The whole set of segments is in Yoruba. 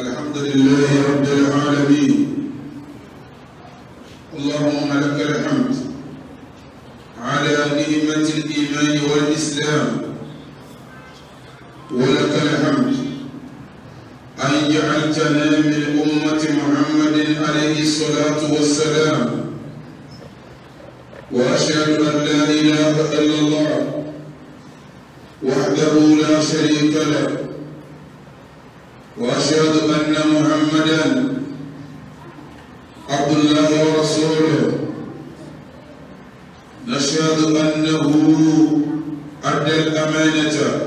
الحمد لله رب العالمين اللهم لك الحمد على نعمة الإيمان والإسلام ولك الحمد أن جعلتنا من أمة محمد عليه الصلاة والسلام وأشهد أن لا إله إلا الله وحده لا شريك له وأشهد أن محمدا عبد الله ورسوله نشهد أنه أدى الأمانة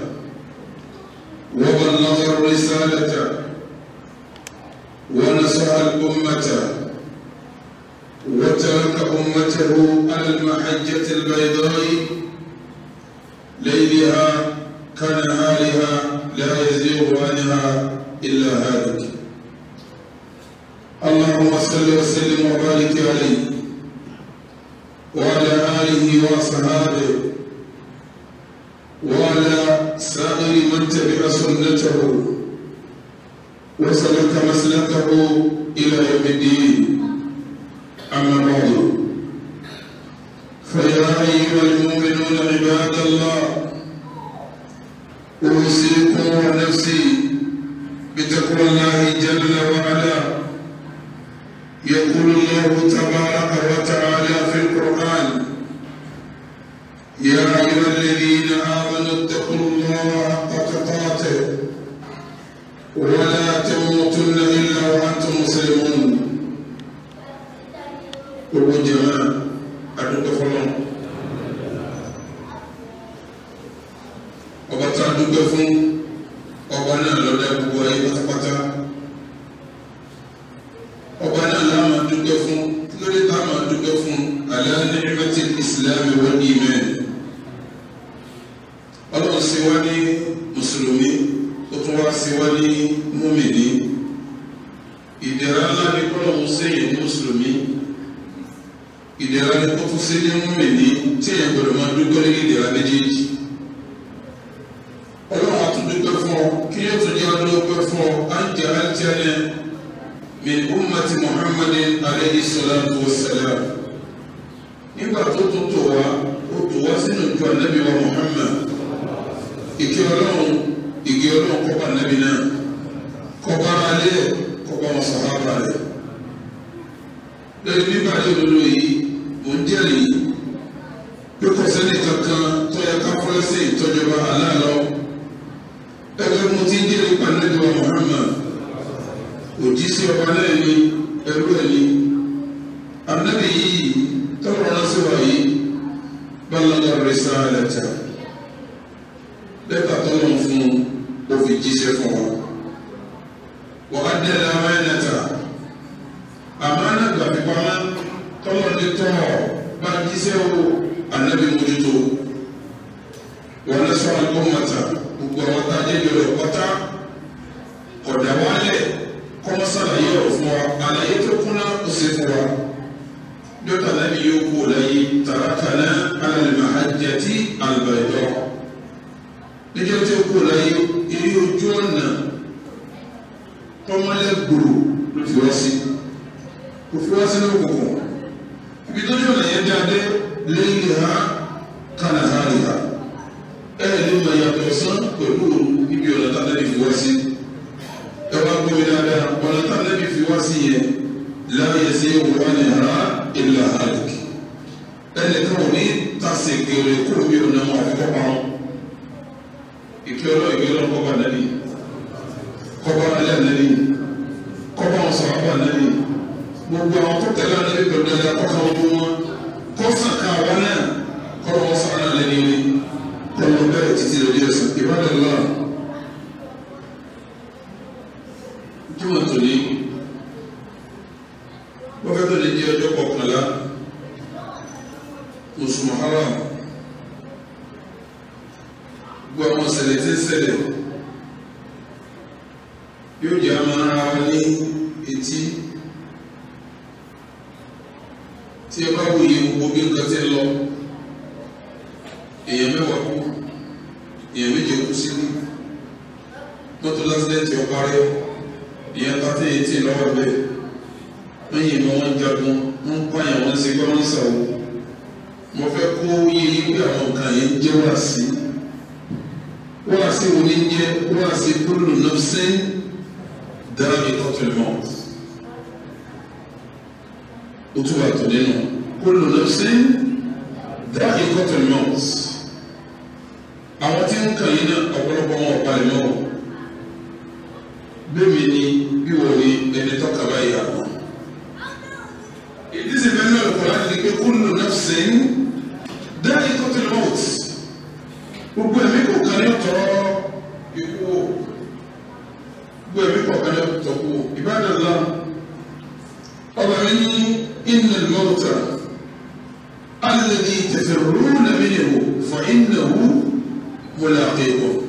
وبلغ الرسالة ونصح الأمة وترك أمته على المحجة البيضاء عليه وعلى آله وأصحابه وعلى سائر من تبع سنته وسلك مسلكه إلى يوم الدين أما بعد فيا أيها المؤمنون عباد الله أوصيكم ونفسي بتقوى الله جل وعلا يقول الله تبارك وتعالى في القرآن يا أيها الذين آمنوا اتقوا ìkí ọlọ́run ìkí ọlọ́run kọ́ba nàbì náà kọ́ba alẹ́ kọ́ba wọn sàhábà rẹ̀ lórí bíbá ìlú yìí mò ń jẹ́rìí pé kò sẹ́ni kankan tó yẹ ká fúrẹ́sì ìtọ́jọba aláàlọ́ ẹgbẹ́ mo ti jẹ́rìí pàdánù Muhammad òjíṣẹ́ ọba náà ni ẹrú ẹ̀ ni ànábì yìí tọrọ náà sí wa yìí balaga risalata. fi jíṣẹ́ fún wọn. wàá dẹ́rẹ́ àwọn ẹ̀nẹ́ta àmọ́ ẹ̀nẹ́ta fi pamọ́ tọ́lọ́dé tọ́ bá jíṣẹ́ o ànábì mójútó wọ́n lẹ́sọ̀rọ̀ gbọ́mọ̀ta. pẹ̀lú níbi ọ̀nà tá lẹ́bi fi wá sí ẹ wá gbọ́ mi dáadáa ọ̀nà tá lẹ́bi fi wá sí yẹn láyé sí wà ní ara ìlà àlùkì ẹnìkan ò ní tàṣe gèrè kó mi ọ̀nà mọ̀ àfikọ́ parọ́ ìpè ọlọ́ọ̀gbẹ́ ọlọ́ọ̀kọ́ padà ní. dernier temps seulement. tu vas te dire non. Pour le nafsin, dernier temps seulement. Àwọn tí ń kàn yín náà ọ̀pọ̀lọpọ̀ wọn ọ̀pá ẹ̀mọ́ o. Bẹ́ẹ̀mi ni bí wọ́n ní ẹni tọ́ka báyìí àgbọ̀n. Ìdí sì fẹ́ náà kọ̀ láti di pé kúlù nafsin. fa innahu mulaqikum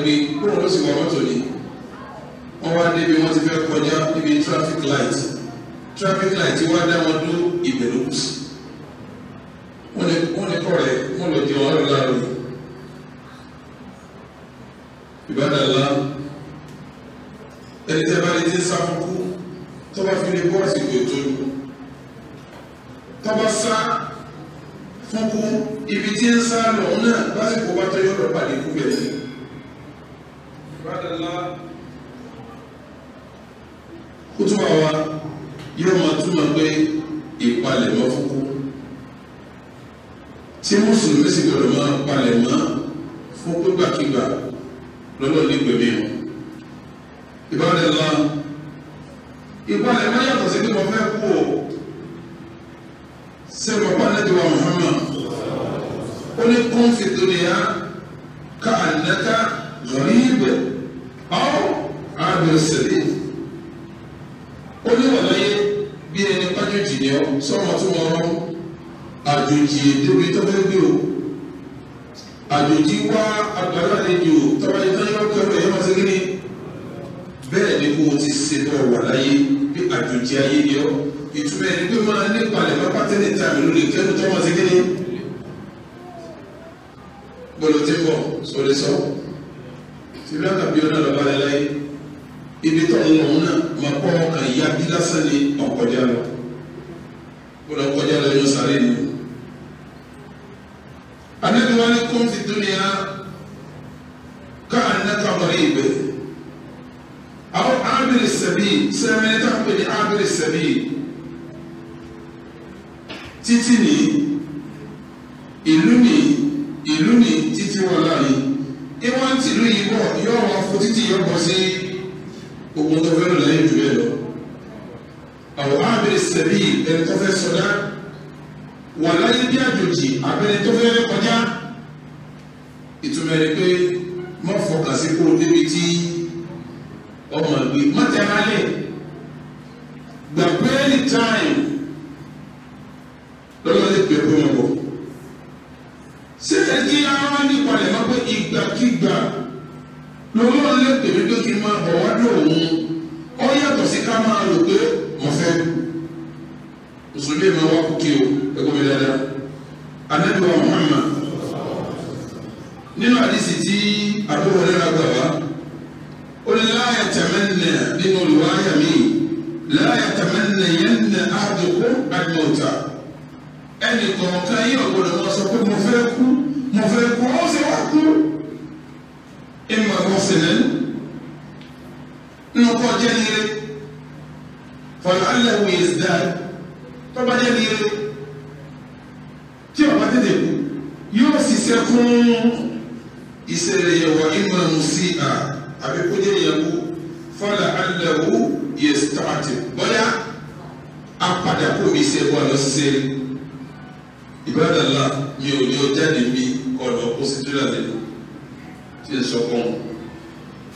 gbé kóun ó sì wọ mọ́tò ni wọ́n wá débi wọ́n ti fẹ́ kọjá níbi traffic light traffic light wá dá wọn dúró ìbẹ̀rù kù sí wọ́n lè wọ́n lè kọ́ rẹ̀ wọ́n lọ di ọ̀rọ̀ láàrú ìbádàlá ẹni tẹ́ bá lè dé sáfọ́kú tó bá fi lè bọ́ àsìkò ètò ìlú tó bá sá fúnkú ibi tí ń sá lọ náà lásìkò bá tọ́jú ọ̀rọ̀ pàdé kú bẹ̀rẹ̀ ó tún wà wá yóò máa túmọ̀ pé ìpalẹ̀mọ́ fúnkú tí mùsùlùmí sì gbọdọ̀ máa palẹ̀mọ́ fún pípàkígbà lọ́dọ̀ nígbèmí wọn ìbáraẹ̀ lọ ìpalẹ̀mọ́ yàtọ̀ sí pé mo fẹ́ kú o ṣé mo pa lẹ́dí wa Muhammad ó ní kún fi dunya ká ànáká lọ́rí ìbẹ̀rẹ̀ àwọn àbẹ̀rẹ̀ sẹ̀lẹ̀ ó ní wàláyé bí ẹni pàjọ́jì ni ọ sọ́wọ́n tó wọ́n rán àjòjì èdèwé tọ́fẹ́ gbé o àjòjì wá àgbàlá àlejò tọ́ba ìtọ́jú kẹrù ẹ̀yọ́ máa ṣe kí ni bẹ́ẹ̀ ni kò ti ṣe tọ́ wàláyé bí àjòjì ayé ni ọ ìtumọ̀ ẹni pé máa ní palẹ̀ bá pátẹ́lẹ̀ tàbí lórí kẹrù tọ́ máa ṣe kí ni gbọ́dọ̀ tí ń bọ̀ sọ̀rọ̀ sọ̀rọ̀ sílẹ̀ tàbí ọ̀dọ̀ lọ́ba rẹ̀ láyé ibi tó ń lòun náà máa kọ́ ọkàn ìyá bí lásán ni ọ̀kọ̀já lọ ó lọ kọjá lọ yọ sáré ni o. Ànábì wa ni kún fi dúnìá ká ànáka ọ̀rẹ́ ìgbẹ́ àwọn ábìrì sẹ̀bí sẹ́mẹ́ni tá a pè ní ábìrì sẹ̀bí títí ni ìlú ni ìlú ni títí wà láàyè ìwọ̀n tìlú yìí bọ̀ yóò wọ́n fún títí yóò bọ̀ sí ogun tó fẹ́ lò lẹ́yìn jù bẹ́ẹ̀ lọ. àwọn abẹ́rẹ́ sẹ́bí ẹni tó fẹ́ sọdá wà láyé bí àjòjì abẹ́rẹ́ tó fẹ́ kọjá ìtumọ̀ rẹ̀ pé má fọkà sí kúrò níbi tí ọmọ ìgbé má tẹ́ ara lẹ̀ gbàgbé any time. lè pèmí pé kí n máa bọ̀ wádùn òun ó yàtọ̀ sí ká máa rò pé mo fẹ́ mùsùlùmí máa wá kú o ẹgbẹ́ mi dáadáa anabi wa Muhammad nínú àdìsí tí àbúrò rẹ̀ gbà wá ó ní láàyè tẹ̀mẹ́nà nínú olùwáyà mi láàyè tẹ̀mẹ́nà yẹn nà àdùkú àdùmọ̀tà ẹnì kọ̀ọ̀kan yín ọ̀gbọ̀dọ̀ wọn sọ pé mo fẹ́ kú mo fẹ́ kú ó sì wá kú mọ̀sílẹ̀ nínú kọ́ jẹ́ níire fọ̀nà alẹ́wò ìsìdá tó bá jẹ́ níire tí ọba tètè kú yóò ṣiṣẹ́ fún ìṣẹ̀lẹ̀ yẹ̀wò ìmọ̀ sí à àbí kó jẹ́ yẹ̀wò fọ̀nà alẹ́wò ìsìdá àti bọ́yá apàdà kó mi ṣe mi ò ní ọjà níbi ọ̀dọ̀ kó sí dúrà lẹ́nu tí ẹ sọ kọ́ ọ́n.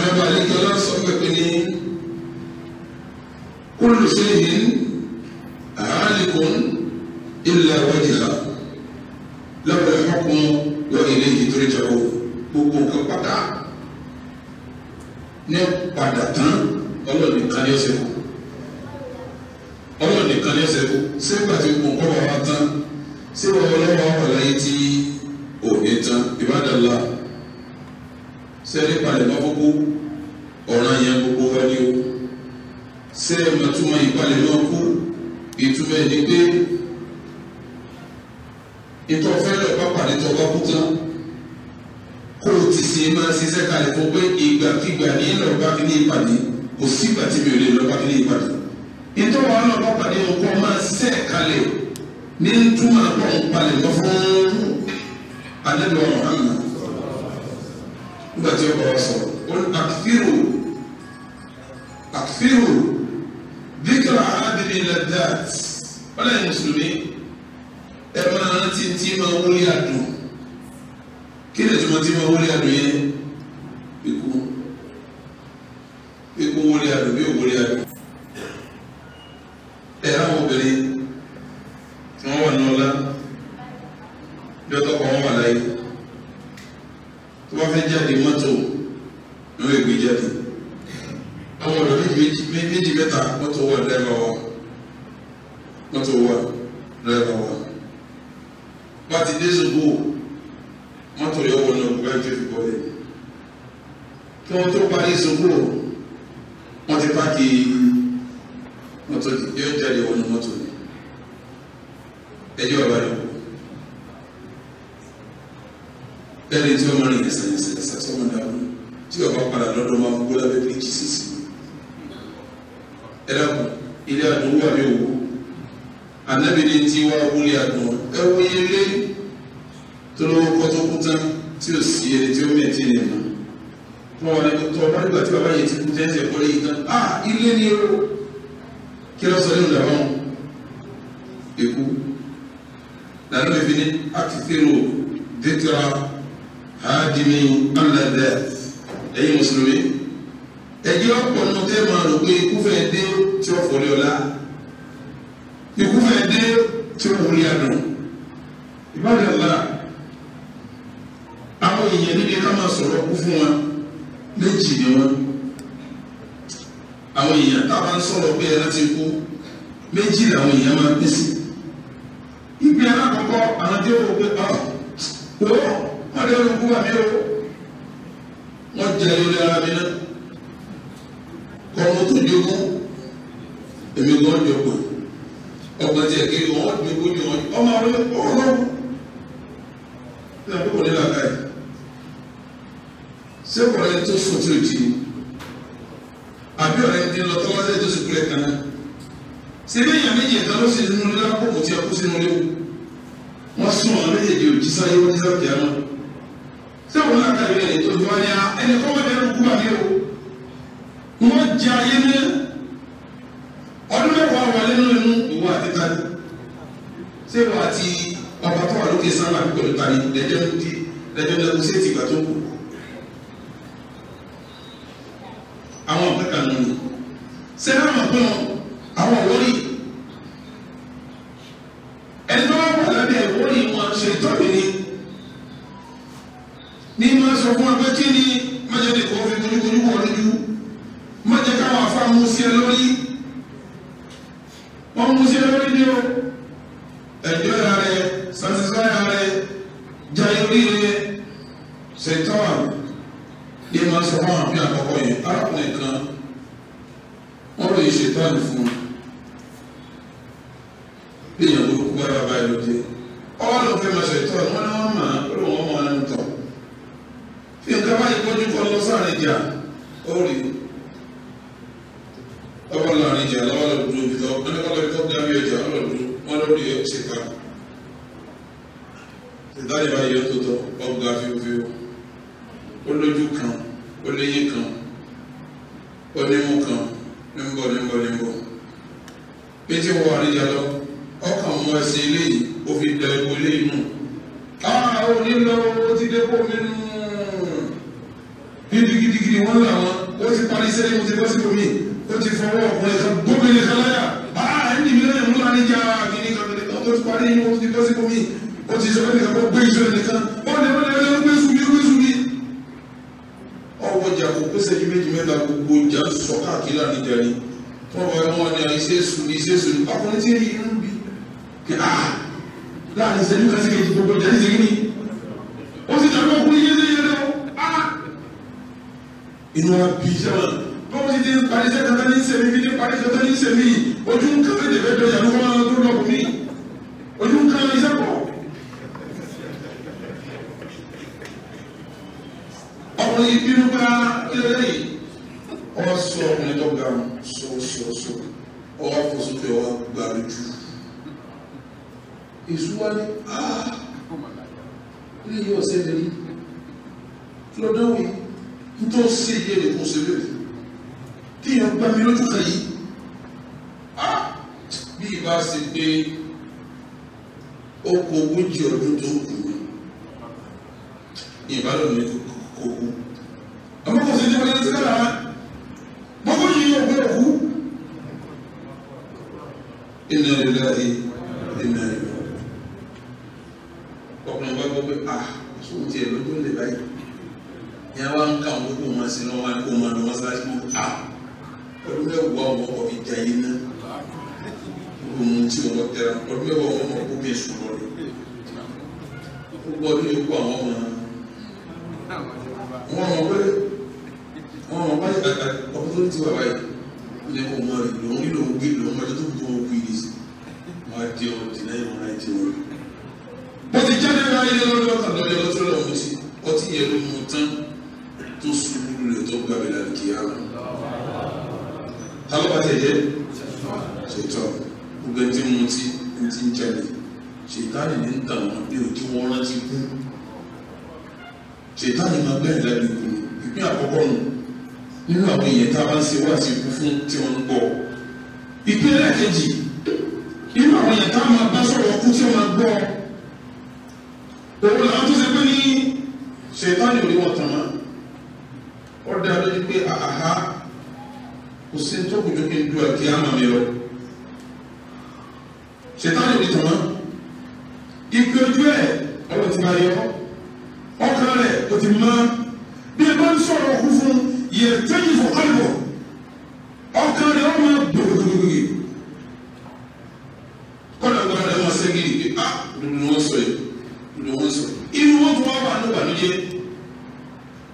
ọlọ́ba àdéjọ lọ́sọ̀ pẹ̀pẹ́ ní olùsẹ́yìn àhálìkún ilẹ̀ wajha lọ́wọ́ ẹ̀fọ́kùn wọ ilé ìtúrẹ́jọ́ gbogbo nǹkan pátá ní padà tán ọlọ́ọ̀nì kan ní ọ̀sẹ̀ kù ọlọ́ọ̀nì kan ní ọ̀sẹ̀ kù sẹ́gbà tí kò kọ́ wàá tán sẹ́wọ̀n ọlọ́wọ́ wà láyé tí òní tán ìbádàlá sẹ́ni palẹ̀mọ́ fúnfún. ṣé màtúmọ̀ ìpalẹ̀ náà kú ìtumọ̀ ẹni pé ìtọ́ fẹ́lẹ̀ bá pàdé tó bá kú tán kó o ti sin máa ṣiṣẹ́ kalẹ̀ fún pé ìgbàkigbà ní lọ́ba fi ní ìpàdé kò sígbà tí mi ò lè lọ́ba fi ní ìpàdé ìtọ́ wa náà bá pàdé ọkọ̀ máa ṣiṣẹ́ kalẹ̀ ní túmọ̀ àpọ̀ ìpalẹ̀ lọ fún alẹ́lọ́ ọ̀hánà nígbà tí ọkọ̀ wa sọ̀rọ̀ ó ní àkífírò àkífírò ànábì ladat ọlọ́yìn mùsùlùmí ẹ máa rántí tí máa wọlé àdùn kí ni ìtumọ̀ tí máa wọlé àdùn yẹn ikú ikú wọlé àdùn bí òwúlé àdùn ẹ̀ hàn obìnrin. orí ọlá ikú fẹ́ dé tí ó wọlé A ìbáraẹ̀ ọ̀la àwọn èèyàn níbi ká máa sọ̀rọ̀ kú fún wa méjì ni wọn àwọn èèyàn tá a bá ń sọ̀rọ̀ pé ẹran ti kú méjì làwọn èèyàn máa pín sí ìgbé alákọ̀ọ́kọ́ àwọn tí ó wọ pé ọ̀ ah, wọ́ wọ́n lè rú kú wà mí o wọ́n jẹ́ lórí ara mi náà kọ́ ọmọ tó di ogún èmi gan jòkó ọgbọ́n tiẹ̀ kí wọ́n jòkó ni wọ́n ọmọ rẹ ọlọ́run ní àdúgbò nílà káyì ṣé ọ̀rẹ́ tó sùn tó jì í àbí ọ̀rẹ́ ti lọ tọ́lọ́sẹ̀ tó sì kúlẹ̀ kan náà ṣé bẹ́ẹ̀ yàn méjì ìtàn ló sì nínú ilé àkókò tí a kú sínú ilé wọ́n sún àwọn méjèèjì òjì sáyé wọ́n ti sábìá náà ṣé ọ̀rẹ́ náà kàwé ẹni tó fi wá ní ẹni kọ́ wọ́n bẹ̀rù kú àlẹ́ o wọ́n jẹ ayé náà wà lẹ́nu lẹ́nu ìwọ àti tani ṣé ìwọ àti ọba tó wà lókè sánmà pẹ̀lú tani lẹ́jọ́ di lẹ́jọ́ lẹ́kùn sí ètìgbà tó kù àwọn ọ̀pẹ́ta nù ní sẹ́yìn àwọn ọ̀pẹ́ wọn àwọn òwòrì ẹ̀dọ́ àbàlábí ẹ̀wòrì wọn ṣe tọ́bi ni ní máa sọ fún abẹ́ kí ni májèlé kò fi kúrúkúrú wọ̀ lójú májèlé káwọn afáàmù sí ẹ lórí. Como você não entendeu? kọ́kọ́ jà kó pèsè ju méjì mẹ́ta gbogbo ìjà sọ káàkiri láàrin ìjà yìí wọ́n bọ̀ ẹ̀wọ̀n ni àìsí èso ní ìṣe èso ní akọni tí èyí ń bi kí a láàrin ìṣẹ́jú kan sí kejì gbogbo ìjà ìṣe kìíní ó sì dàgbà kú yé lé yẹn lọ a ah! inú àbí ìṣẹ́wọ̀n bọ́n ti di parí sẹ́kẹ̀tẹ́ ní sẹ́mi bí ní parí sẹ́kẹ̀tẹ́ ní sẹ́mi ojú ń kẹ́kẹ́ wá ní ah, ilé yìí ọ̀sẹ̀ mi rí kí ló dáwọ̀ yìí nítorí sí iye rẹ̀ kó ṣe lórí kí èèyàn gbá mi lójú kan yìí ah, bí ìbá ṣe pé ó kó ogójì ọdún tó kù mí ìbálòun ní kókó àmọ́ kò sí ní ọdún tí kára mọ́kànlélọ́gbọ̀n òkú inna lillahi. tiẹ̀ lójú lè báyìí ní àwọn ń kà wọn kó wọn sí náà wọn kó wọn lọ wọn sára sí wọn ká ọdún mẹ́wàá wọn kọ́ fi jẹ ayé náà ohun tí wọn tẹra ọdún mẹ́wàá wọn kọ́ kó bí sùn lọ́dọ̀ gbogbo ọdún yìí kó àwọn ọmọ wọn mọ pé wọn mọ pé ọkùnrin tó ti wà báyìí ní kò mọ rẹ lòun nílò òun gbé lòun mọ tó kù tó wọn kú yìí sí wọn á di ọ dìnnà ìwọn náà ti wọlé. bó ti jáde náà ilé lọ́dọ̀ ọ̀tàn lọ́yọ̀ lọ́tọ́ lọ́wọ́ yẹn ló mú tán tó ṣubú lulẹ̀ tó gbàgbé láti yára. táwọn bá tẹ̀ jẹ́ ṣètò gbogbo ẹni tí mo ti ń ti ń jalè ṣètánì ní ń tà wọn bí ojú wọn rántí kú ṣètánì máa gbẹ̀yìn lábẹ́ ìkú ìpín àkọ́kọ́ nù nínú àwọn èèyàn tá a bá ń ṣe wá sí ikú fún tí wọ́n ń gbọ́ ìpín ẹlẹ́ẹ̀kejì nínú àwọn èèyàn tá a máa bá sọ̀rọ̀ ọkú tí wọ́n máa òun làwọn tó ṣètọ́nì oníwọ̀n tán ó dá lójú pé àhá kò sí tó kù jókè ń du àti àmà mi lọ ṣètọ́nì oní tán ìpè ojú ẹ̀ ọ̀rọ̀ ti máa yọ ọkàn rẹ̀ kò ti mọ́ bí ẹ bá ń sọ̀rọ̀ ọkùn fún yẹ tẹ́yìn fún ọ̀lùbọ̀ ọkàn rẹ̀ ọmọ gbòògbòògbò kọ́nà gbọ́dọ̀ ẹ̀ máa ṣẹ́gi ah ló ń wọ́n sọ yìí ló ń wọ́n sọ yìí inú wọn tún wá wà ní ìbànújẹ́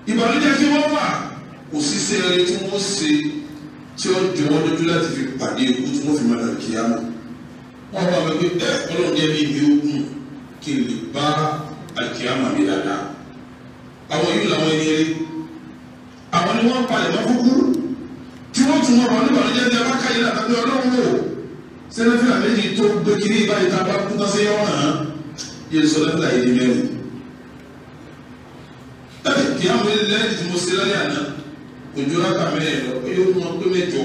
ìbànújẹ́ tí wọ́n wà kò sí sẹ́ẹ̀rẹ́ tí wọ́n ṣe tí wọ́n jọ wọ́n lójú láti fi pàdé ikú tí wọ́n fi máa dàbí yàrá wọ́n bá wọn pé ẹ ọlọ́run jẹ́ mi ìwé ogun kí n lè bá àkíyàmà mi dáadáa àwọn yìí làwọn ẹni eré àwọn ni wọ́n palẹ̀ mọ́ kúkú tí wọ́n tún wọn wà ní ìbànújẹ́ ní abákàyè làtàkì ọlọ́run wò sẹ́lẹ̀fẹ́ àmẹ́jì tó gbé kiri ìbáyìí tá a bá kú tán sí ọ̀hún yẹn sọ lẹ́tà ìdí mẹ́rin kí àwọn ilé lẹ́yìn tí mo ṣe lálẹ́ àná òjò rákà mẹ́rin lọ pé ó mọ pé mẹ́jọ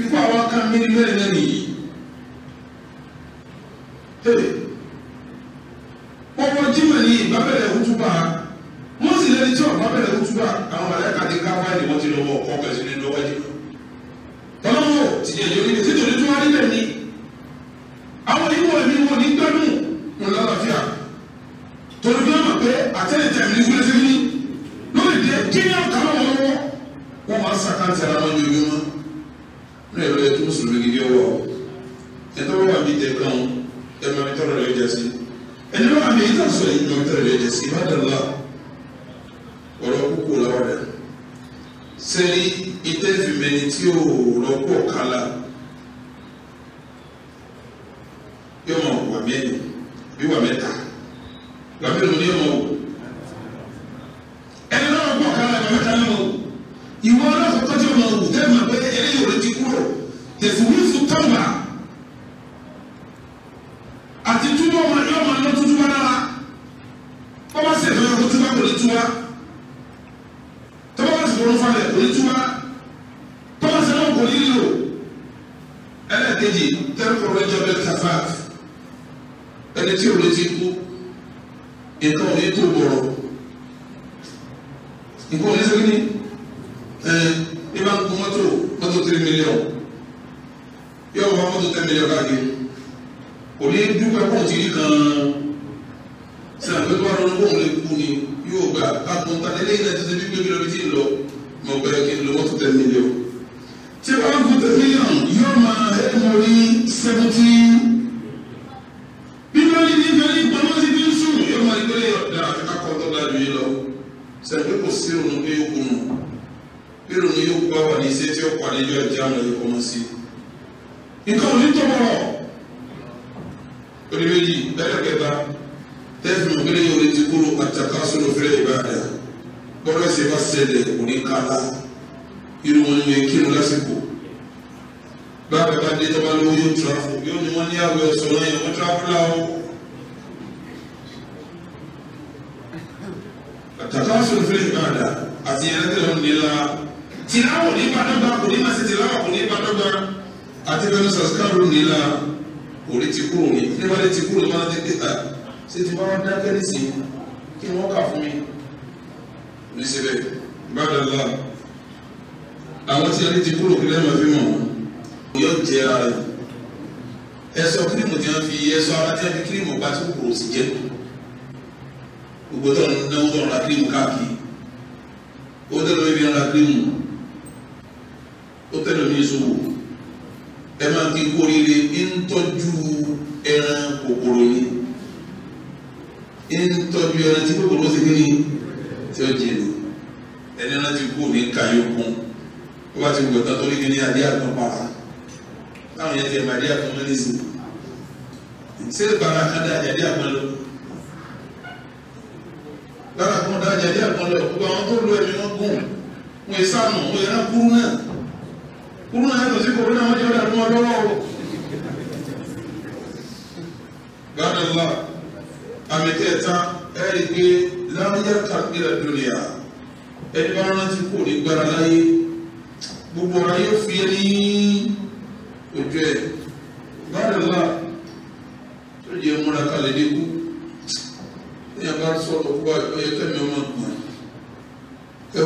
ikú àwọn ká mẹ́rin mẹ́rin náà nìyí pọpọ jímọ̀ ní ìbábẹ̀rẹ̀ òtúbà wọ́n sì lẹ́ni tí ọ̀bábẹ̀rẹ̀ òtúbà àwọn àlẹ́ kàdé ká wáyé wọ́n ti lọ́wọ́ ọkọ̀ pẹ̀sìlẹ̀ ya sí ẹni bá àmì ìta sọ yìí ní ọ̀tẹ̀rẹ̀ lè jẹ sí ìbádàlá ọ̀rọ̀ púpọ̀ lọ́wọ́ rẹ̀ sẹ́ni ìtẹ́fìmẹ́ni tí ò rọ́pò kálá yóò mọ̀ wà mẹ́rin bí wà mẹ́ta gbàmílò ni yóò mọ̀ wò. sẹ́dúkù sí òun pé ó kùnù bírò ni yóò bá wà ní iṣẹ́ tí ó pàdé jọ ìjà lọ yóò kọ́mọ sí. nǹkan òní tó bọ̀ oníbejì bẹ́ẹ̀ kẹta tẹ́sán òkèlè yóò lè ti kúrò àtàkà sọ̀rọ̀ fẹ́rẹ̀ ìbáàdà bọ́lá ṣe bá ṣẹlẹ̀ òní kálá irun wọn ni kírun lásìkò bá bàbá dé tọ́ba lówó yóò tìráfù yóò ní wọ́n ní àwẹ̀ ọ̀sán náà yẹn wọ́n tìráfù láwọn. tàbá sọ̀rọ̀ ìbáàdà àti ẹ̀rẹ́tẹ̀lọ́ nílá tìláwò ní ìbádọ́gba kò ní máa ṣe tìláwò kò ní ìbádọ́gba àti ẹ̀rọ sàskárò nílá orí ti kúrò ní ní wọ́n ti kúrò máa ti dẹ́ta ṣé ti máa dákẹ́ nísìn kí wọ́n kà fún mi ní síbẹ̀ ìbádọ́gba àwọn tí ẹni ti kúrò kí lẹ́yìn máa fi o yọ jẹ́ ara rẹ̀ ẹ̀sọ́ kírímù tí wọ́n fi ẹ̀sọ́ ara tí wọ́n fi kírímù pa tí kúrò sí jẹ́ gbogbo tó ń náwó tó ń ra kírímù káàkiri ó tẹ́lẹ̀ mi fi ń ra kírímù ó tẹ́lẹ̀ mi sòwò ẹ máa kí kú oríire ń tọ́jú ẹran kòkòrò ni ń tọ́jú ẹran tí kòkòrò sì kí ni tí ó jèrè ẹni ẹran ti kú ní kàyókùn ó bá ti gbọ̀tán tó ní kí ni adé àgbọ̀n para báwọn yẹn ti ẹ̀ máa dé àgbọ̀n mẹ́lẹ́sì ṣé bàbá kan dá adé àgbọ̀n lọ́wọ́. jẹ̀dí àpọ̀lọ̀ gbogbo àwọn tó lo ẹ̀mí wọn gùn wọn ìsànù wọn ìran kúrú náà kúrú náà yàtọ̀ sí kòrónà wọn jẹ́ ọ̀dà fún wọn lọ́wọ́ o. gbàdúrà àmì kẹta ẹ rí i pé láwùjá kàgbéra dúnìyà ẹni bá rántí kò ní gbára láyé gbogbo ara yóò fi ẹ ní ojú ẹ gbàdúrà tó jẹ múra kalẹ̀ dé ní a bá sọ̀rọ̀ fún wa kẹ́mi ọmọ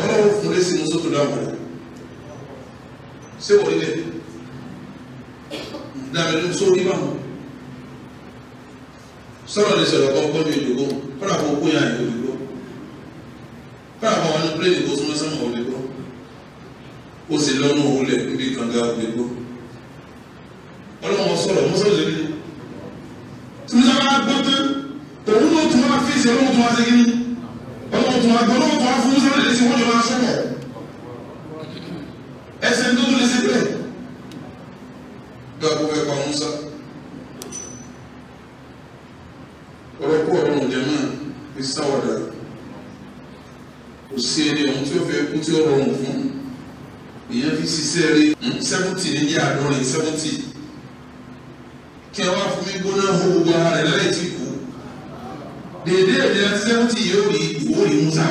Báwo polisi ní sótò náà wọ̀? Ṣé wọ́n nílẹ̀? Dàbẹ̀ ní sórí bá wọn. Sọ́nà lè sọ̀rọ̀ kọ́ kọ́ ní ìdògbò, kọ́nà kọ́ kó yà ìdògbò gbọ́. Kọ́nà kọ́ wọn ní pílẹ̀tì kó súnmọ́ sọ́nà òde gbọ́. Ó sì lọ́nà òun lẹ̀ níbi kànga òde gbọ́. Ọlọ́run sọ̀rọ̀ mọ́sọ̀rọ̀ lé nínú. Tí mo sábà gbọ́ tán, òun ló tún wá fèsì, òun ló tún wá sí kíní. kò sí eré ohun tí ó fẹ́ kú tí ó rọrùn fún èèyàn fi ṣiṣẹ́ eré hmm, seventy ní ní àádọ́rin seventy kí ẹ wá fún mi gbóná hó gbogbo ara rẹ̀ láì tí kú dèédéé ìdílé seventy yóò rí ìwó rí musa.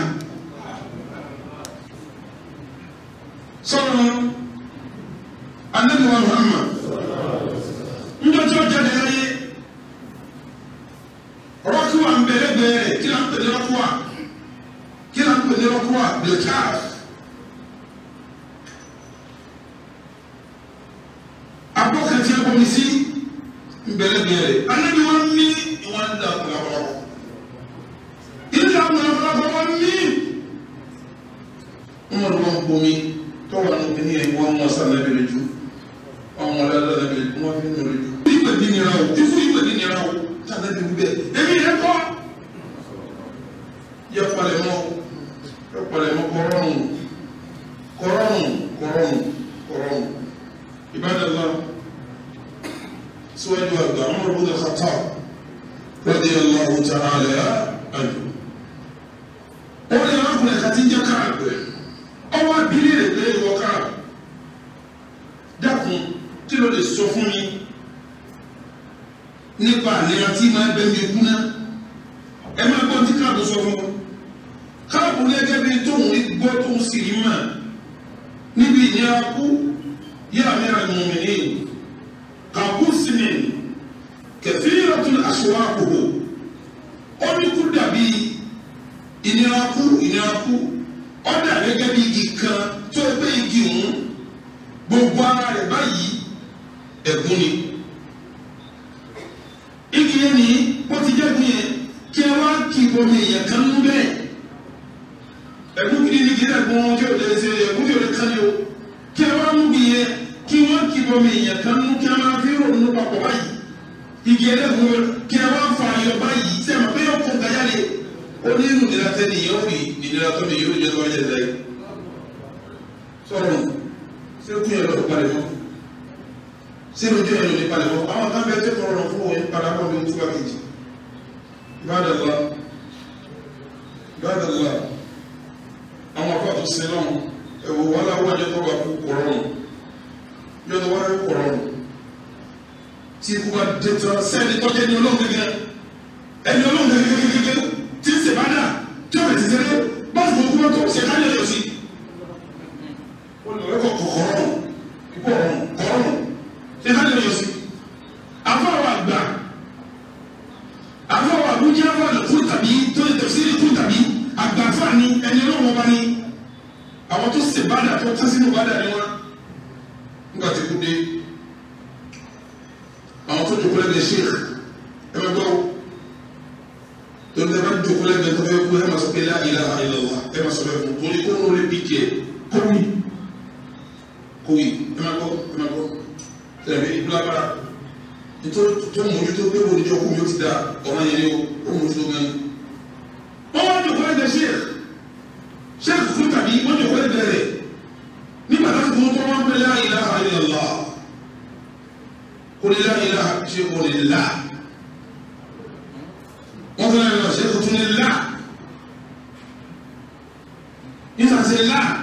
ciúme ẹ̀gbọ́n tí o lè ṣe ẹ̀gbọ́n tí o lè kán yìí o kí ẹ wá mú bi yẹ kí wọ́n kì bọ́ mi yẹn kan nú kí ẹ máa fi rònú papọ̀ báyìí igi ẹlẹ́gùn kí ẹ wá fa ayọ̀ báyìí sẹ́ ma bẹ́ẹ̀ kún káyà lé o ní inú nira tẹ́ nìyẹn o fi nira tó mi yóò jẹ́ tó wájú ẹ̀ sọ̀rọ̀ sẹ́kùn yẹn lọ́dọ̀ balẹ̀ fún sínú jẹ́ ẹ̀yọ́ ní balẹ̀ fún àwọn kan bẹ́ẹ̀ tẹ́ tọrọ fún òun padà bọ́ mi tó sin náà ẹ̀wọ̀ wọn náà wọ́n jẹ́ tó bá kú kọ̀rọ̀nù yóò tó wá rí tí ikú bá dé tán sẹ́ni tó jẹ́ ní olóhùn gẹ́gẹ́ ẹni olóhùn gẹ́gẹ́ gẹ́gẹ́ tẹ̀lé ìpìlápá tó mójútó pé wo níjọ́ kúmi ó ti da ọ̀ràn yẹn ni ó mójútó gan ni. wọ́n wá jòkó ẹ̀dẹ̀ sheikh sheikh fún tàbí wọ́n jòkó ẹ̀dẹ̀ rẹ̀ nígbà láti fún tó wọ́n pè la ilaha illallah kò ní la ilaha ṣe kò ní la wọ́n fún la ilaha ṣe kò tún ní la ìsàsẹ̀ la.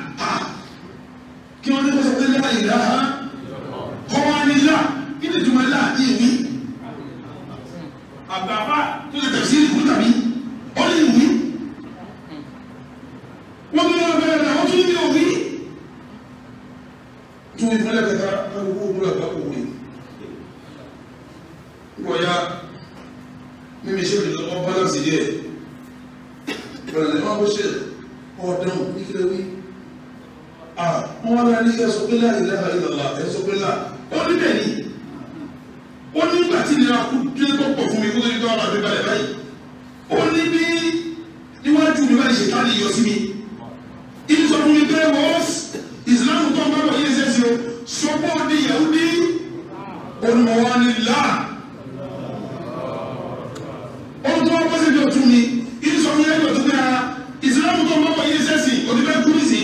tó wọ́n pèsè bí otu mi ìdí sọ fún ẹgbẹ́ tó gbé ara ìsìlámù tó ń bọ̀ yé sẹ́sì òdìbẹ́ kúrú sí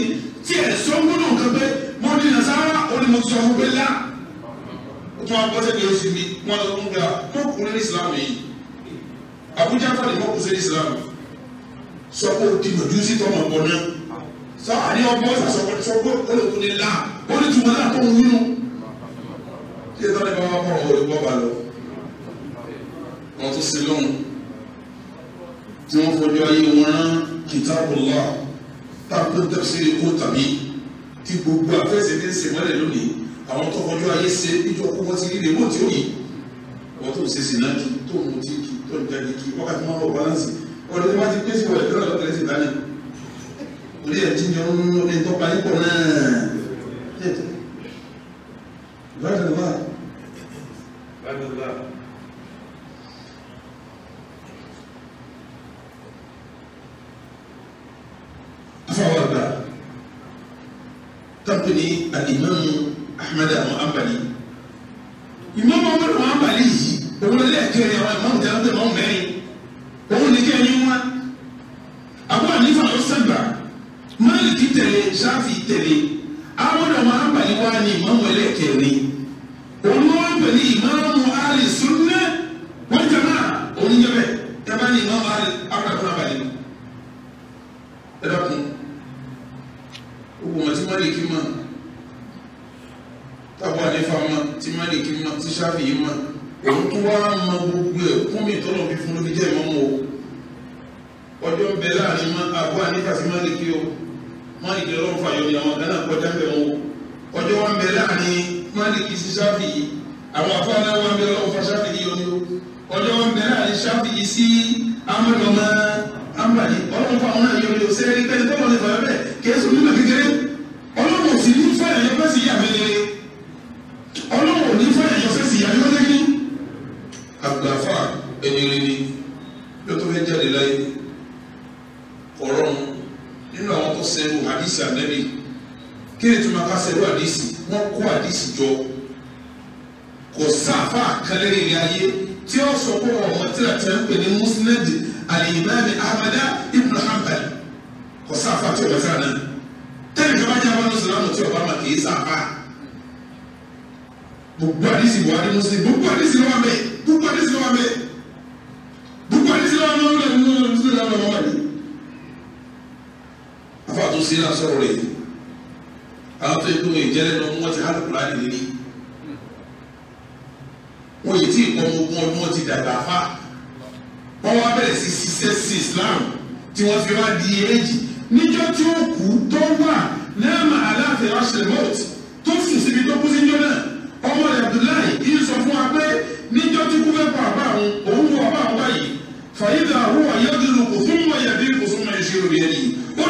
tí ẹ̀ sọ ń gbọ́dọ̀ nǹkan pé mo di nasara òní mo sọ fún pé lá ó tó wọ́n pèsè bí otu mi wọ́n lọ fún gbà mọ́kùnrin ìsìlámù yìí Abuja fani mọ́kùnrin ìsìlámù sọ pé o di mọ̀júsí tó mọ̀ bọ̀ náà sọ àní ọmọ sọ sọ pé olùkú ni lá ó ní tùmọ̀ náà tó ń wínú tí ẹ tọ́ ni bá wà pọ̀ òyìnbó bá lọ wọ́n tún sí lóhùn tí wọ́n fojú ayé wọn rán kitabullah tako tafsiri kó tàbí tí gbogbo àfẹsẹ̀ ní ṣe mọ́lẹ̀ lónìí àwọn tó fojú ayé ṣe níjọ́ kó wọ́n ti rí lèmọ́ tí ó yìí wọ́n tó ń ṣe sí náà kí tó ń mutí kí tó ń jáde kí wákàtí wọn lọ balance ọ̀rẹ́ tí wọ́n ti pèsè wọ̀lẹ̀ tó lọ́dọ̀ tẹ̀lé sí ìdáná orí ẹ̀ jí ni ó ń ní tọ́pa yín pọ̀ náà tọ́pìnì alimami ahmed amuhambali imamu ahmed amuhambali yìí òun lè lẹ́ẹ̀kẹ́ ẹ̀yà wọn ìmọ̀mù tẹ̀lé tẹ̀lé wọn mẹ́rin òun lè kẹ́ ẹ̀yìn wọn Abu Hanifa ló sábà Maliki tẹ̀lé Shafi tẹ̀lé ahmed amuhambali wà ní imamu ẹlẹ́ẹ̀kẹ́ ẹ̀rin òun ló wà pẹ̀lú imamu ali sunna. sáfì yìí mọ̀ òun tó wá mọ gbogbo ẹ̀ kún mi tọ́lọ̀ fi fún lóbi jẹ́ ìmọ̀mọ́ o ọjọ́ ń bẹ láàrin mọ́ àbọ̀ àníkàsí Málíkì o Málíkì ọlọ́run fàyọ ni àwọn gánà kọjá ń bẹ̀ wọn o ọjọ́ wa ń bẹ láàrin Málíkì sí sáfì yìí àwọn afọ́nà wa ń bẹ ọlọ́run fa sáfì yìí o ni o ọjọ́ wa ń bẹ láàrin sáfì yìí sí amọ̀dọ̀mọ́ amọ̀dì ọlọ́run fa àwọn àyọ̀ ni o sẹ́yìn pẹ́ẹ́ni tọ́lọ́ ẹni rí ni yóò tó fẹ́ jáde láyé ọ̀rọ̀ mu nínú àwọn tó ṣerú àdìsí ànẹ́bí kí ni túmọ̀ ká ṣerú àdìsí wọ́n kó àdìsí jọ kò sáfà kẹlẹ́ ìrìn ayé tí ó sọ pé wọn ọmọ tí a ti ń pè ní musnad alimami ahmada ibn hanbal kò sáfà tí ọmọ tí a náà tẹ́lẹ̀ kí wọ́n jẹ́ abánu sinamu tí ọba ma kì í sáfà gbogbo àdìsí buhari muslim gbogbo àdìsí lọ́wọ́ mi gbogbo àdìsí lọ́wọ́ mi náà mọ̀ wọ́n yìí afa tó sí náà sọ̀rọ̀ rẹ̀ yìí àwọn tó ikú ìjẹ́rẹ́ náà wọ́n ti hàn kúrò láti nílí wọ́n yìí tí ìpọ́n ogun ọdún wọn ti dàgbà fa wọ́n wá bẹ̀rẹ̀ sí ṣiṣẹ́ sí Islam tí wọ́n fi wá di èjì níjọ́ tí ó kú tó wà náà mà aláàfin rashid mọ́t tó sùn síbi tó kú sí níjọ́ náà ọmọ rẹ̀ Abdullahi yìí sọ fún wa pé níjọ́ tí kú fẹ́ pa àbá àwọn òun wọ àbá àwọn fàyídà àwọn àyàdìrò kò fún wọn yàdí kò fún wọn ìṣirò yẹn ni ó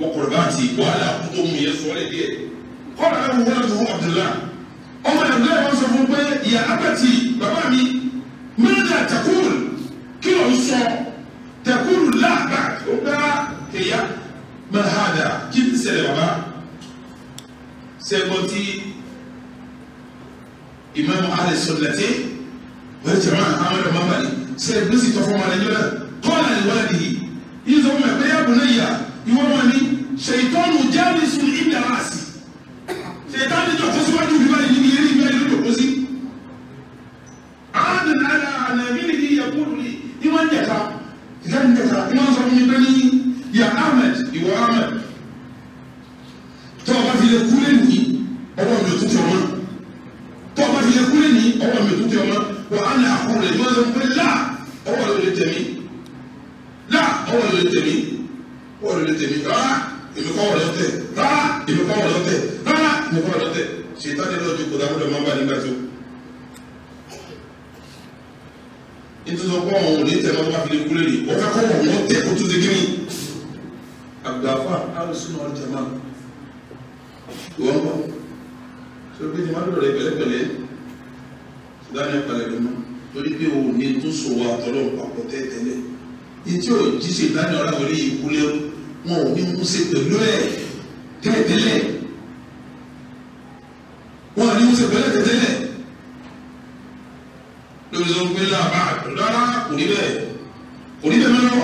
wọ́kọ̀rọ̀ bá ti wà á kótó mu yẹ sọ́ọ́lẹ̀ díẹ̀. kọ́lá ẹ̀rù wọlé tó Abdullah ọmọ Abdullah wọn sọ fún pé ìyá abẹ́tì bàbá mi mílíọ̀nù tẹ̀kúrù kí ló ń sọ tẹ̀kúrù láàbà ó bá kẹyà mahada kí n ṣẹlẹ̀ bàbá sẹ́gbọ́n tí Imam Ahlus Sunnah wọ́n jẹ̀rọ àhámẹ́rẹ́ mábàlì sẹ́gbọ́n sì tọ́ ìwọ máa ní ṣèyítọ́nù jẹ́rìí sùn ìdàrásì ṣèyítọ́nù jọ̀kọ́ síwájú ìbáyìí níbi eré ìbẹ́ torí ti máa bẹ̀rẹ̀ pẹ̀lẹ́pẹ̀lẹ́ sùdánù ẹ̀ palẹ̀ lọ́nà torí pé o ní tó so wa tọ́lọ̀ papọ̀ tẹ́tẹ́lẹ̀ etí ò jí ṣe ìdáni ọ̀rá wọlé ìkú lẹ́rú wọn ò ní mú ṣe pẹ̀lú ẹ̀ tẹ́tẹ́lẹ̀ wọn ò ní mú ṣe pẹ̀lú tẹ́tẹ́lẹ̀ lórí sọ pé làbá rárá kò rí bẹ́ẹ̀ kò rí bẹ́ẹ̀ mẹ́lọ́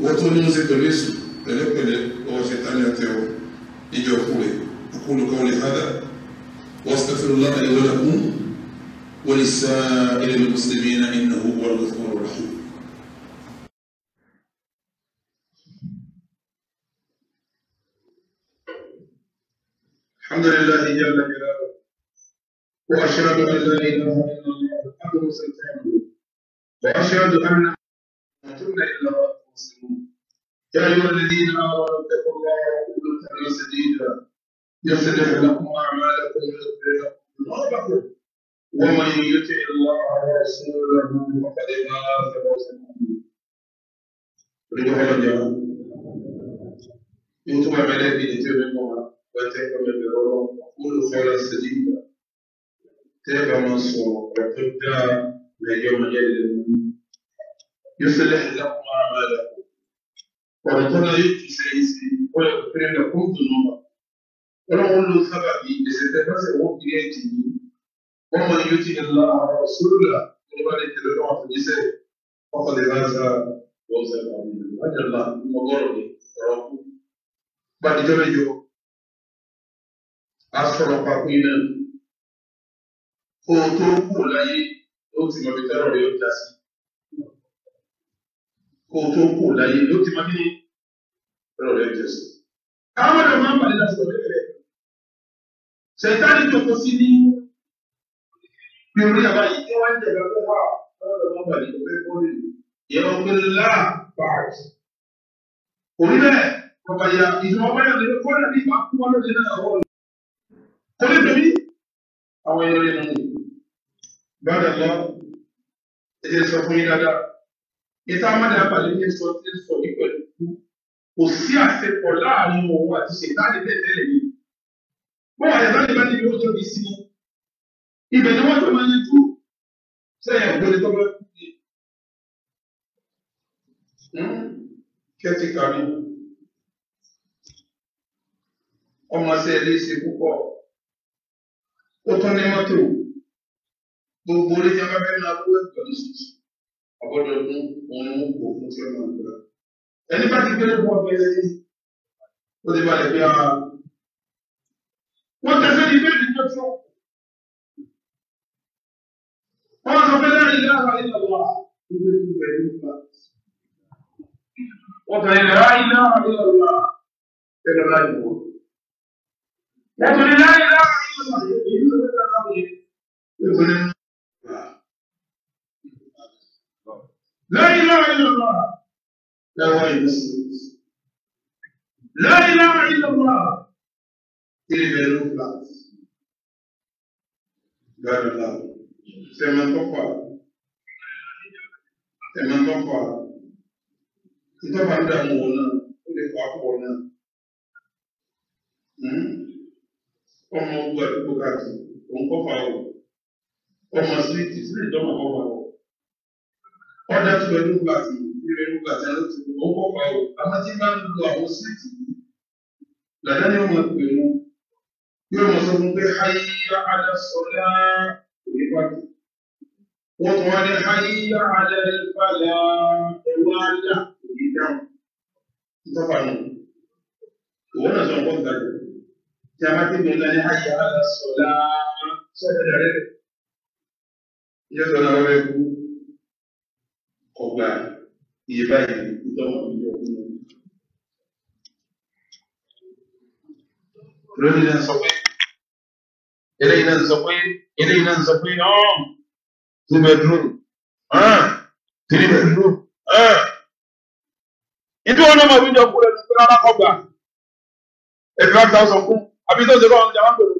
wọ́n tó ní mú ṣe pẹ̀lú èsì pẹ̀lẹ́pẹ̀lẹ́ ọwọ́ ṣe tánilẹ́tẹ̀ أقول قولي هذا وأستغفر الله لي ولكم ولسائر المسلمين إنه هو الغفور الرحيم الحمد لله جل جلاله وأشهد أن لا إله إلا الله وحده سبحانه وأشهد أن محمدا إلا الله المسلمون يا أيها الذين آمنوا اتقوا الله وقولوا قولا سديدا يصلح لكم أعمالكم ويغفر لكم ذنوبكم ومن يطع الله ورسوله فقد فاز فوزا عظيما. انتم ملاذي لتبعكم وتكم برورهم وقولوا قولا سديدا تابع منصور وتبدا يوم ليلا يصلح لكم اعمالكم ويغفر لكم سيئاتكم ويغفر لكم ذنوبكم ọlọ́run ló sábà bí ìṣẹ̀tẹ̀fẹ́sẹ̀ wọ́n fi ẹ̀ tì yìí wọ́n mọ iye tí ń la ọ̀rọ̀ sólùlà wọ́n bá lè tẹ̀lé lọ́wọ́ àtúnyẹsẹ̀ wọ́n kọ́ lè ráńsà wọ́n sábà bí ìwádìí ọ̀la ọgọ́rùn ni ọ̀rọ̀ kú. gbàdúgbò mẹ́jọ asọ̀rọ̀ papọ̀ iná kó o tó kú láyé ó ti mọ ibi tọ́rọ̀ rẹ̀ ó já sí kó o tó kú láyé ó ti mọ kí ni tọ́rọ̀ rẹ̀ ó já sí. àwọn ọmọdé máa ń balẹ̀ láti lọ sẹ̀tánì jòkó sí ní bíorí àbáyé tí wọ́n ń jẹ̀bẹ̀ kó wà lọ́dọ̀ wọn bàlẹ̀ tó fẹ́ kọ́ nínú ìyẹn wọn pẹ̀lú láà bàrẹ̀. òun bẹ́ẹ̀ bàbá ya ìjọba wọn yàn lórí fọ́nà ní ìgbà kú wọn lóde náà wọ́n lọ. kò ní bẹ̀mí àwọn èèyàn yẹn mú gbàdà lọ ẹ̀jẹ̀ sọ fún yín dáadáa ìta amáde abalẹ̀ ní sọ ní sọ ní pẹ̀lú kú kò sí àṣepọ̀ láàrin òun àti ṣètánì tẹ̀tẹ̀lẹ̀ yìí wọ́n yà àyàbá nípa níbi ó tóbi sí i ni wọ́n tó máa ń tú sẹ́yìn àgbẹ̀lẹ̀ tó máa ń tú ní. Hmm? kẹ́tì kàmí ọmọ sẹ́yìn ṣe púpọ̀ ó tún ní mọ́tò gbogbo orí yẹn bá fẹ́ kó ẹ̀kọ́ ní sísè ọgbọ́dọ̀ ọdún òun ni kó fún fẹ́ máa gbà ẹni bá ti gbé lóko ọ̀gbẹ́ yẹn ó ti balẹ̀ bí ara. Ah, نفسه قال فلا إله إلا الله إنك بعيد وقال لا إله إلا الله كان لا يقول يقول لا إله إلا الله يقول يقول لا إله إلا الله لا وين لا إله إلا الله تلك الوقت God will love. Sẹ̀mọ̀tọ́fà. Sẹ̀mọ̀tọ́fà. Ntọ́fà ń dààmú wọn náà, ó lè fà á pọ̀ náà. Hmm? Ọmọ ogun àdúgbò káàkiri, òun kọ́ fà wọ̀. Ọmọ síríìtì síríìtì dọ́mà kọ́ fà wọ̀. Ọ̀dà tí wọ́n ń gbà sí ìrìn ìlú àti àwọn tí wọ́n kọ́ fà wọ̀. Àmọ́ tí bá ń lo àwọn síríìtì yìí, làdá ni wọ́n máa pè wọ́n. yóò mọ̀ sọ fún pé hayya ala salat onípàdé wọ́n tún wá ní hayya ala al-falah ẹ̀rọ àlà onídáhùn ìtọ́fà nù òun náà sọ nǹkan gbàgbé tí a bá tẹ̀lé ńlá ní hayya ala salat sọ́dọ̀ rẹ̀ ìjọba ọ̀rẹ́ kú kọgbà ìyẹ̀bá yìí ìtọ́wọ́ ìjọba olórí náà sọ pé eléyìí náà sọ pé eléyìí náà sọ pé ah two bedroom ọ̀n three bedroom ọ̀n. ìdí wọn náà máa fi jọ kúrẹ́ ní pé rárá kọgbà ẹ̀fẹ̀ one thousand kún àbí tó ṣe bá wọn jà wọn pèrò.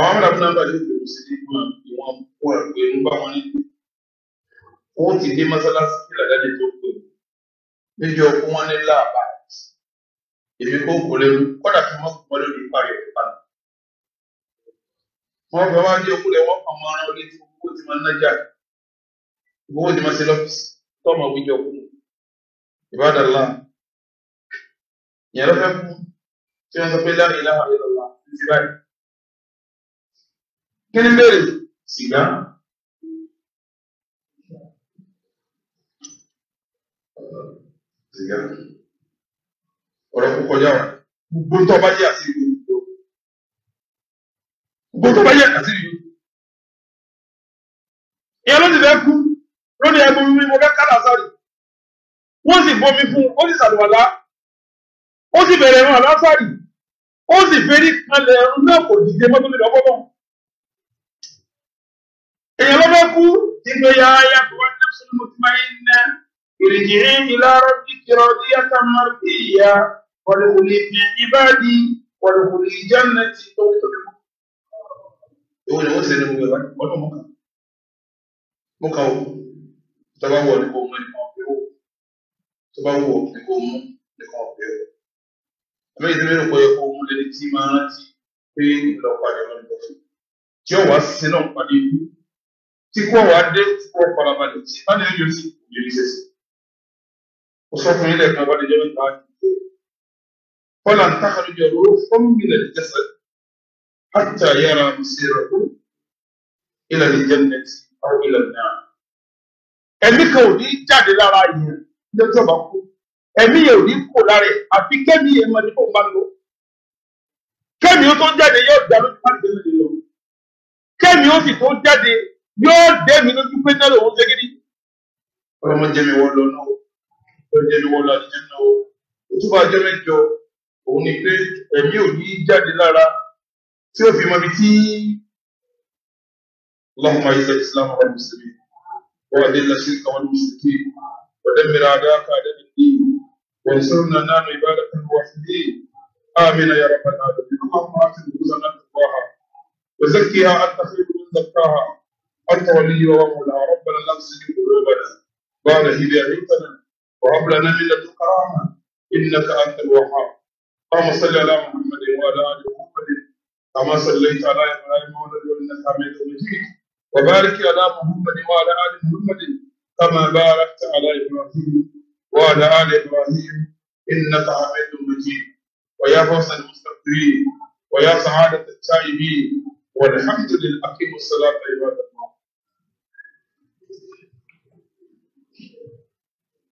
àwọn mẹ́ta fún nàmbà yóò pèrò sí ní wọn ìwọ̀n kún ẹ̀ pé ń bá wọn ní kú. wọ́n èmi kò kò lè mú kọ́dà tí wọ́n kọ́ lórí parí ẹ̀ pa. wọ́n bẹ wá ní okúlẹ̀ wọ́n kàn mọ́ ara olé fún owó tí wọ́n nájà owó tí wọ́n ṣe lọ́fíìsì tọ́mọ̀ wíjọ kú ìbádàlá ìyẹn lọ́fẹ́ kú tí wọ́n sọ pé láàrin láàrin lọ́la títí báyìí. kí ni bèrè sìgá. Sìgá. ọ̀rọ̀ púpọ̀ kọjá gbogbo tó bá yẹ àti ìlú gbogbo tó bá yẹ àti ìlú. ìyẹn ló ti fẹ́ kú lórí ẹgbẹ́ mo fẹ́ wọ́n sì bomi fún un ó sì ṣàlùwàlá ó sì bẹ̀rẹ̀ àlásàrì ó sì fẹ́rí kalẹ̀ ya ya kó wá ní ẹ̀sùn mọ̀tìmáyé ní ìlà rọ́bì ìyá. ولكلي في عبادي ولكلي جنة توفيق èwo ni wọ́n ṣe ní gbogbo ìwádìí ọdún mọ́kà mọ́kà o tó bá wọ̀ ní kò mú nìkan ọ̀pẹ o tó bá wọ̀ ní kò mú nìkan ọ̀pẹ o àmì ìdílé rẹ̀ kọ́ yẹ kó mú lẹ́ni tí máa rántí pé ìlọ pàdé wọn lọ fún tí ó wàá sin náà pàdé ikú tí kò wàá dé tí kò farabalẹ̀ tí bá ní yóò sì kò yẹ ní sẹ́sẹ̀. ó sọ fún yín lẹ́ẹ̀kan bá lè jẹ́ mẹ́ta ولن تخرج روح من الجسد حتى يرى مسيره إلى الجنة أو إلى النار ẹ̀mí kan ò ní jáde lára yẹn lọ́jọ́ bá kú ẹ̀mí yẹn ò ní kó lára ẹ̀ àfi kẹ́mi yẹn mọ ní kó máa lọ kẹ́mi ó tó jáde yóò dá lójú má lè lè lọ kẹ́mi ó sì tó jáde yóò dé lójú pé náà lòun ṣe ọlọmọ jẹ mi wọ lọ náà ó jẹ mi wọ lọ àti náà ó túbọ̀ jẹ mi jọ. òun ni pé ẹ̀mí ò ní jáde lára tí ó fi mọ ibi tí اللهم اعز الاسلام والمسلمين واذل الشرك والمشركين ودمر اعداءك اعداء الدين وانصرنا نعم عبادك الموحدين امين يا رب العالمين اللهم اعز نفوسنا تقواها وزكها انت خير من زكاها انت وليها ومولاها ربنا لا تزغ قلوبنا بعد اذ هديتنا وهب لنا من لدنك رحمه انك انت الوهاب اللهم صل على محمد وعلى ال محمد كما صليت على ابراهيم وعلى انك حميد مجيد وبارك على محمد وعلى ال محمد كما باركت على ابراهيم وعلى ال ابراهيم انك حميد مجيد ويا فوز المستغفرين ويا سعاده التائبين والحمد لله اقيم الصلاه عباد الله